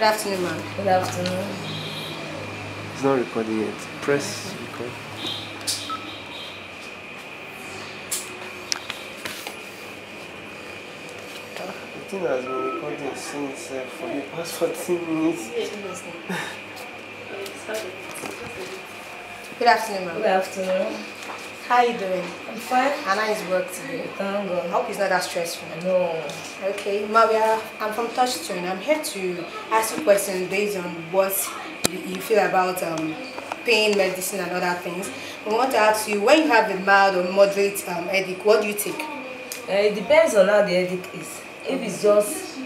Good afternoon, ma'am. Good afternoon. It's not recording yet. Press record. Ah, the thing has been recording since uh, for the past 14 minutes. Good afternoon, ma'am. Good afternoon. How are you doing? I'm fine. How is work today? Thank God. I hope it's not that stressful. No. Okay, Maria, I'm from Touchstone. I'm here to ask you questions based on what you feel about um, pain medicine and other things. We want to ask you, when you have a mild or moderate um, headache, what do you take? Uh, it depends on how the headache is. If it's just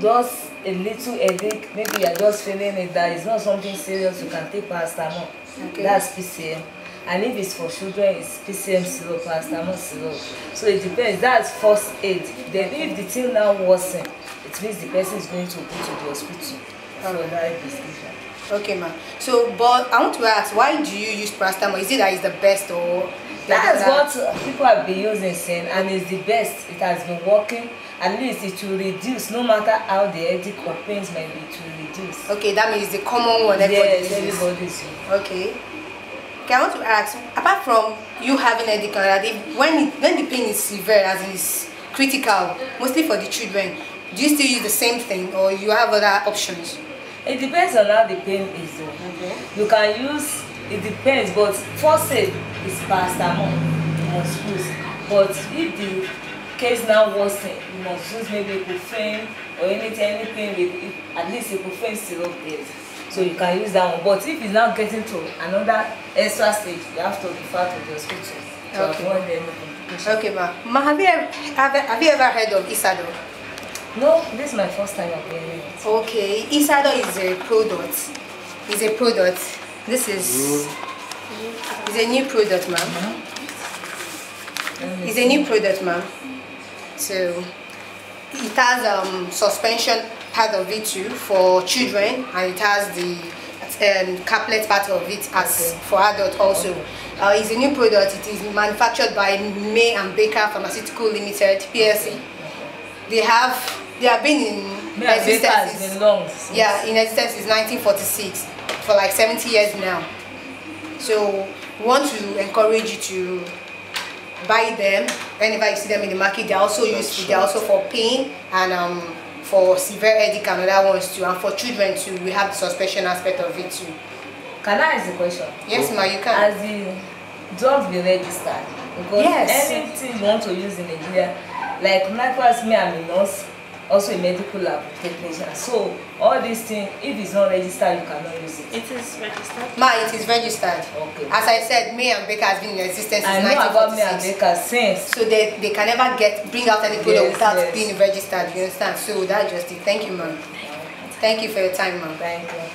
just a little headache, maybe you're just feeling it, that it's not something serious, you can take paracetamol. Okay. That's PCM and if it's for children it's pcm syrup paracetamol syrup so it depends that's first aid then if the thing now worsen it means the person is going to go to the hospital for another prescription. okay ma so but i want to ask why do you use paracetamol is it that it's the best or. that's that? what people have been using since and it's the best it has been working at least it will reduce no matter how the headache or pains might be to reduce. okay that means the common one yes, is everybody is okay okay, I want to ask, apart from you having a and when, it, when the pain is severe, as in it's critical, mostly for the children, do you still use the same thing or you have other options? It depends on how the pain is though. Okay. You can use, it depends, but first aid is paracetamol you must use. But if the case now worsen, you must use maybe ibuprofen or anything, anything with, at least a profane syrup is. so you can use that one but if it's now getting to another extra stage you have to refer to the scriptures. to okay. avoid any okay ma ma have you ever have, have you ever heard of isado. no this is my first time of hearing it. okay isado is a product is a product this is mm. is a new product ma'am. Mm -hmm. Uh-huh. It's a new product, ma'am. So it has um, suspension part of it too for children and it has the um, part of it as okay. for adult also. Okay. Uh, it's a new product. It is manufactured by May and Baker Pharmaceutical Limited (PLC). Okay. They have they have been in May existence. Been long since. Yeah, in existence since 1946 for like 70 years now. So we want to encourage you to buy them Anybody see them in the market. They're also used. useful. They're also for pain and um, for severe headache and other ones too and for children too we have the suspension aspect of it too. Can I ask a question? Yes ma you can. As in don't be registered? Because yes. anything you want to use in Nigeria like likewise me I'm a nurse also a medical lab technician. So all these things, if it's not registered, you cannot use it. It is registered. Ma, it is registered. Okay. As I said, me and Baker has been in existence since I know about me and Baker since. So they, they can never get bring out any product yes, without yes. being registered. You understand? So that's just it. Thank you, ma'am. Thank you for your time, ma'am. Thank you.